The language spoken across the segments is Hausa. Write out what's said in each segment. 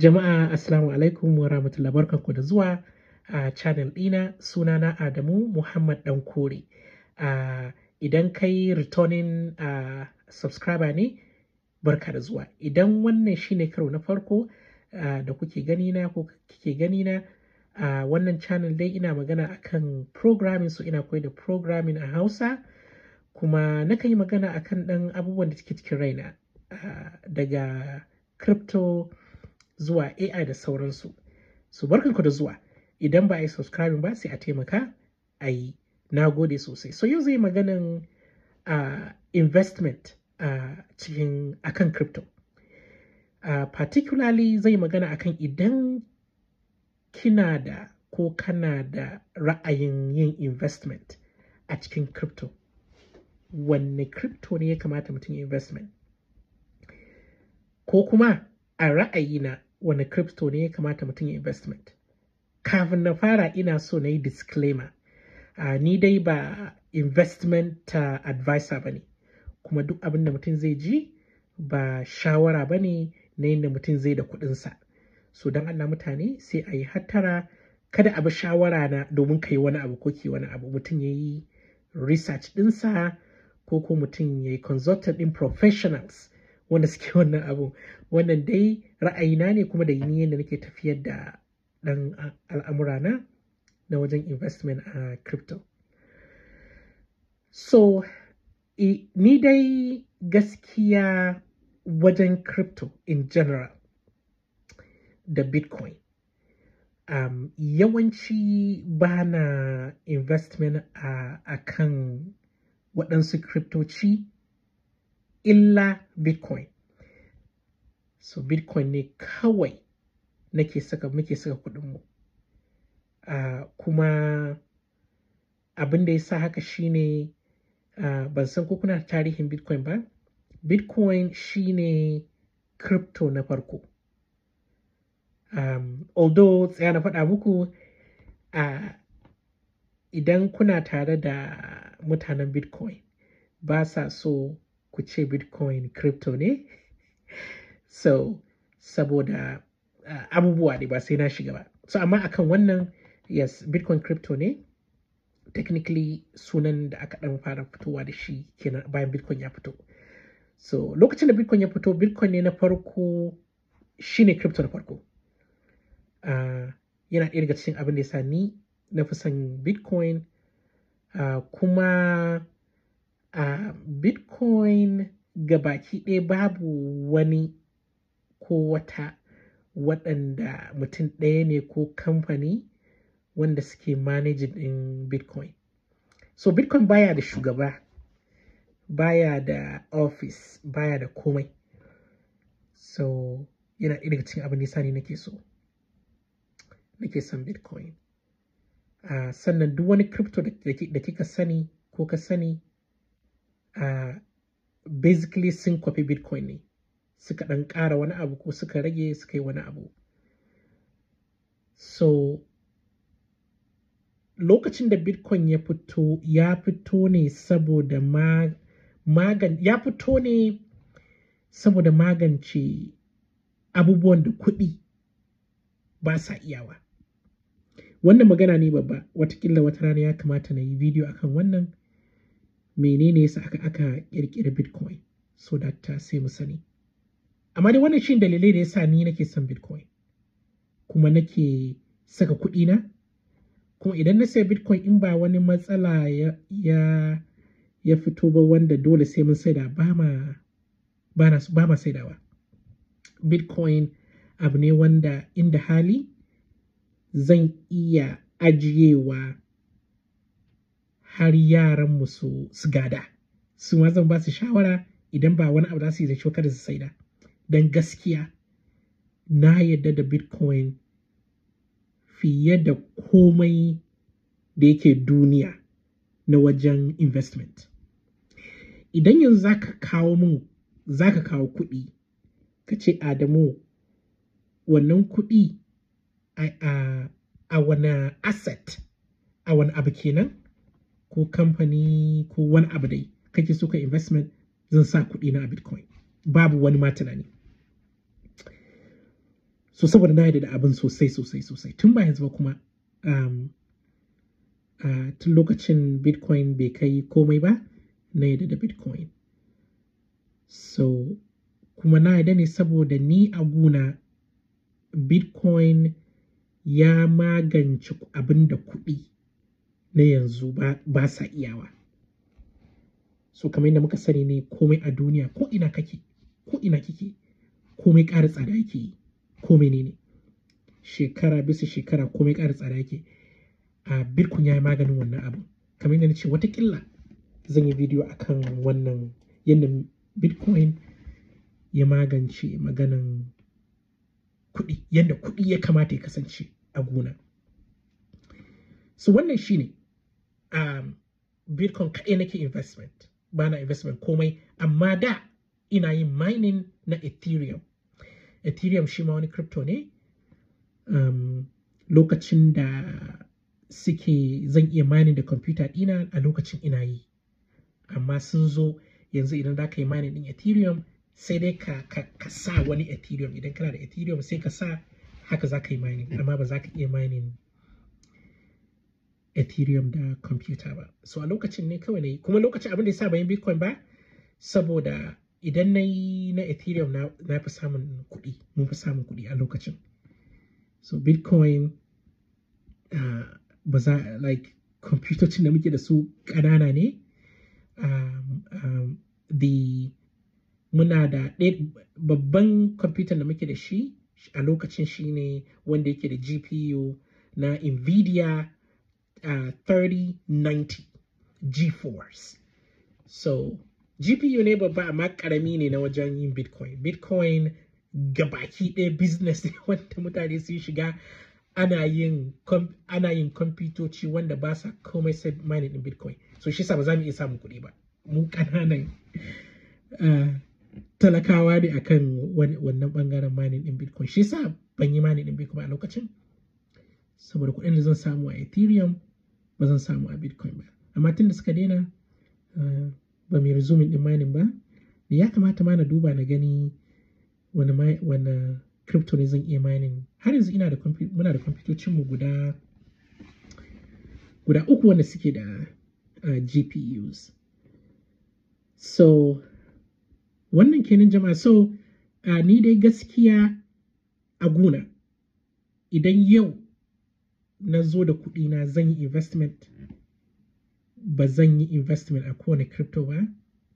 Jama'a Assalamu alaikum wa rahmatullahi barkanku da zuwa a channel ɗina sunana Adamu Muhammad Dan Kore. Idan kai returning subscriber ne barka da zuwa. Idan wannan shine karo na farko da kuke gani na ko kike gani na a wannan channel dai ina magana akan programming so ina koyar da programming a Hausa kuma na yi magana akan ɗan abubuwan da suke cikin raina daga crypto zuwa AI da sauransu. su barkanku da zuwa. Idan ba a yi subscribing ba sai a taimaka a yi. Na gode sosai. So yau zai maganan uh, investment uh, cikin akan crypto. Uh, particularly zai magana akan idan kina da ko kana da ra'ayin yin investment a cikin crypto. Wanne crypto ne ya kamata mutum investment? Ko kuma a ra'ayina wani crypto ne ya kamata mutum ya investment kafin na fara ina so na yi disclaimer uh, ni dai ba investment uh, advisor ba ne kuma duk abin da mutum zai ji ba shawara ba ne na yadda mutum zai da kuɗinsa so don allah mutane sai a yi hattara kada a bi shawara na domin ka wani abu ko ki wani abu mutum ya yi research dinsa ko ko mutum ya yi consultant ɗin professionals wanda suke wannan abu wannan dai ra'ayina ne kuma da ni yadda nake tafiyar da ɗan al'amura na na wajen investment a crypto so ni dai gaskiya wajen crypto in general da bitcoin um, yawanci ba na investment a, a kan waɗansu cryptoci illa bitcoin so bitcoin ne kawai nake saka muke saka kudinmu uh, ah, kuma abin da ya sa haka shine uh, ban san ko kuna tarihin bitcoin ba bitcoin shine crypto na farko um, although tsaya na faɗa muku uh, idan kuna tare da mutanen bitcoin ba sa so ku ce bitcoin crypto ne so saboda uh, abubuwa ne ba sai na shiga ba so amma akan wannan yes bitcoin crypto ne technically sunan da aka dan fara fitowa da shi kenan bayan bitcoin ya fito so lokacin da bitcoin ya fito bitcoin ne na farko shine crypto na farko uh, yana ɗaya daga cikin abin da ya sa ni na fi son bitcoin uh, kuma a bitcoin ga baki ɗaya babu wani ko wata waɗanda mutum ɗaya ne ko kamfani wanda suke managing ɗin bitcoin so bitcoin baya da shugaba baya da office baya da komai so yana ɗaya daga cikin abin nisa ne nake so nake son bitcoin uh, sannan duk wani crypto da kika sani ko ka sani Ah, basically sun kwafi bitcoin ne suka ɗan ƙara wani abu ko suka rage suka yi wani abu so lokacin da bitcoin ya fito ya fito ne saboda magan ya fito ne saboda magance abubuwan da kuɗi ba sa iyawa wannan magana ne babba watakila wata rana ya kamata na yi video akan wannan menene yasa aka aka kirkiri bitcoin so that uh, sai mu sani amma dai wannan shin dalilai da yasa ni nake son bitcoin kuma nake saka kuɗi na kuma idan na sai bitcoin in ba wani matsala ya ya ya fito ba wanda dole sai mun saida ba ma ba na ba ma saidawa bitcoin abu ne wanda inda hali zan iya ajiyewa har yaranmu su su gada su ma zan ba su shawara idan ba wani abu za su yi da shi kada su saida don gaskiya na yadda da bitcoin fiye da komai da yake duniya na wajen investment idan yanzu za ka kawo min za kawo kuɗi ka ce adamu wannan kuɗi a, a wani asset a wani abu kenan ko kamfani ko wani abu dai kake so ka investment zan sa kuɗi na bitcoin babu wani ma tunani so saboda na yadda da abin sosai sosai sosai tun ba yanzu ba kuma um, uh, tun lokacin bitcoin bai kai komai ba na yadda da bitcoin so kuma na yadda ne saboda ni a guna bitcoin ya magance abin da kuɗi na yanzu ba sa iyawa so kamar yadda muka sani ne komai a duniya ko ina kake ko ina kike komai ƙara tsada yake yi ne ne. shekara bisa shekara komai ƙara tsada yake a birkun ya yi maganin wannan abu kamar yadda na ce watakila zan yi bidiyo a kan wannan yadda bitcoin ya magance maganan kuɗi yadda kuɗi ya kamata ya kasance a gona so wannan shi ne. Um, bitcoin kaɗai nake investment bana na investment komai amma da ina yin mining na ethereum ethereum shi ma wani crypto ne um, lokacin da suke zan iya mining da computer ɗina a lokacin ina yi amma sun zo yanzu idan za ka yi mining ɗin ethereum sai dai ka, ka, ka sa wani ethereum idan kana da ethereum sai ka sa haka za ka yi mining amma ba za ka iya mining ethereum da computer ba so a lokacin ne kawai nayi kuma lokacin abin da ya bayan bitcoin ba saboda idan na yi na ethereum na fi samun kuɗi mun fi samun kuɗi a lokacin so bitcoin uh, ba za like kwamfutocin da muke da su ƙanana ne um, the muna da babban computer da muke da shi a lokacin shine ne wanda yake da gpu na nvidia 3090 uh, g So GPU ne babba amma karami ne na wajen yin Bitcoin. Bitcoin gabaki ɗaya business ne wanda mutane sun shiga ana yin ana yin kwamfutoci wanda ba sa komai sai mining ɗin Bitcoin. So shi sa ba za mu iya samun kuɗi ba. Mu ƙananan uh, talakawa ne akan wannan ɓangaren mining ɗin Bitcoin. Shi sa ban yi mining ɗin Bitcoin a lokacin. Saboda kuɗin da zan samu a Ethereum ba zan samu a bitcoin ba amma tun da suka daina eh, ba mai resumin din mining ba da ya kamata ma na duba na gani wani wani crypto ne zan iya mining har yanzu ina da muna da kwamfutocin mu guda guda uku wanda suke da eh, GPUs so wannan kenan jama'a so eh, ni dai gaskiya a gona idan yau na zo da kuɗi na zan yi investment ba zan yi investment a kowane crypto ba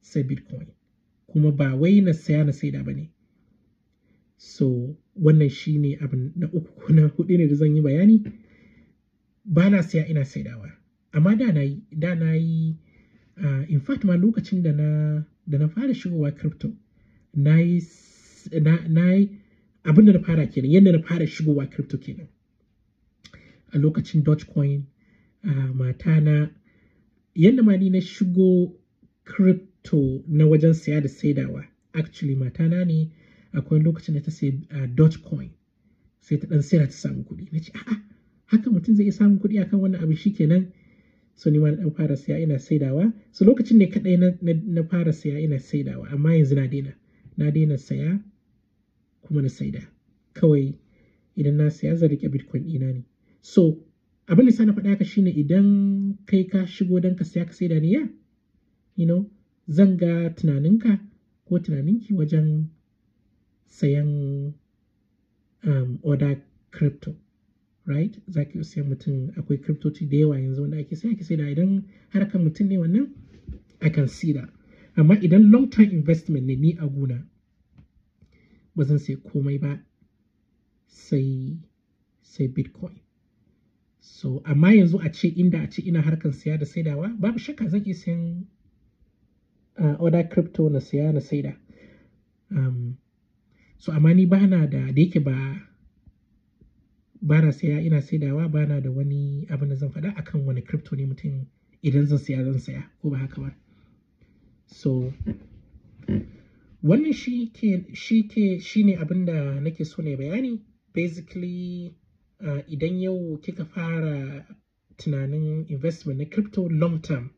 sai bitcoin kuma ba wai na saya na saida ba ne so wannan shi ne abin na uku ko na hudu ne da zan yi bayani ba na saya ina saidawa amma da na yi da na yi uh, in fact ma lokacin da na da na fara shigowa crypto na yi abinda na fara kenan yadda na fara shigowa crypto kenan a lokacin dogecoin mata na yadda ma ni na shigo crypto na wajen siya da saidawa actually mata na ne akwai lokacin da ta sai dogecoin sai ta dan sayar ta samu kuɗi na ce a'a haka mutum zai iya samun kuɗi akan wannan abu shikenan so ni ma na dan fara siya ina saidawa so lokacin ne kadai na fara siya ina saidawa amma yanzu na daina na daina saya kuma na saida kawai idan na saya zan rike bitcoin ɗina ne so abin da na faɗa ka ne idan kai ka shigo don ka saya ka sai da niyya you know zan ga tunaninka ko tunaninki wajen sayan um, order crypto right za ki sai mutum akwai crypto ti da yawa yanzu wanda ake sai ake sai da idan harkar mutum ne wannan i can see that amma idan long term investment ne ni a gona ba zan sai komai ba sai sai bitcoin so amma yanzu a ce inda a ce ina harkar siya da saidawa babu shakka zan iya sayan uh, order crypto na siya na saida um, so amma ni ba na da da yake ba ba na saya ina saidawa ba na da wani abin da zan faɗa akan wani crypto ne mutum idan zan siya zan saya ko ba haka ba so wannan shi ke shi ne abin da nake so ne bayani basically Eh, idan yau kika fara tunanin investment na crypto long term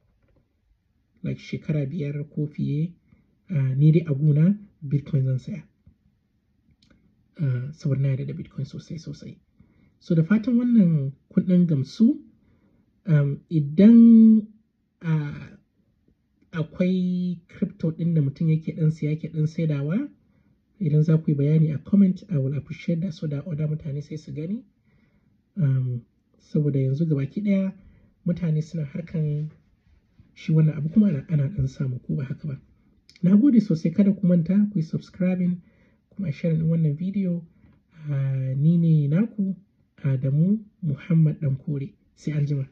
like shekara biyar ko fiye eh, ni dai a guna bitcoin zan saya eh, saboda na da bitcoin sosai sosai so da fatan wannan kudin gamsu idan akwai crypto ɗin da mutum yake dan siya yake dan saidawa idan za ku yi bayani a comment i will appreciate that so da oda mutane sai su gani saboda yanzu gabaki ɗaya mutane suna harkan shi wannan abu kuma ana ɗan samu ko ba haka ba na gode sosai kada ku manta ku yi subscribing kuma sharing ɗin wannan bidiyo ah, ni ne naku Adamu Muhammad Ɗankore sai anjima.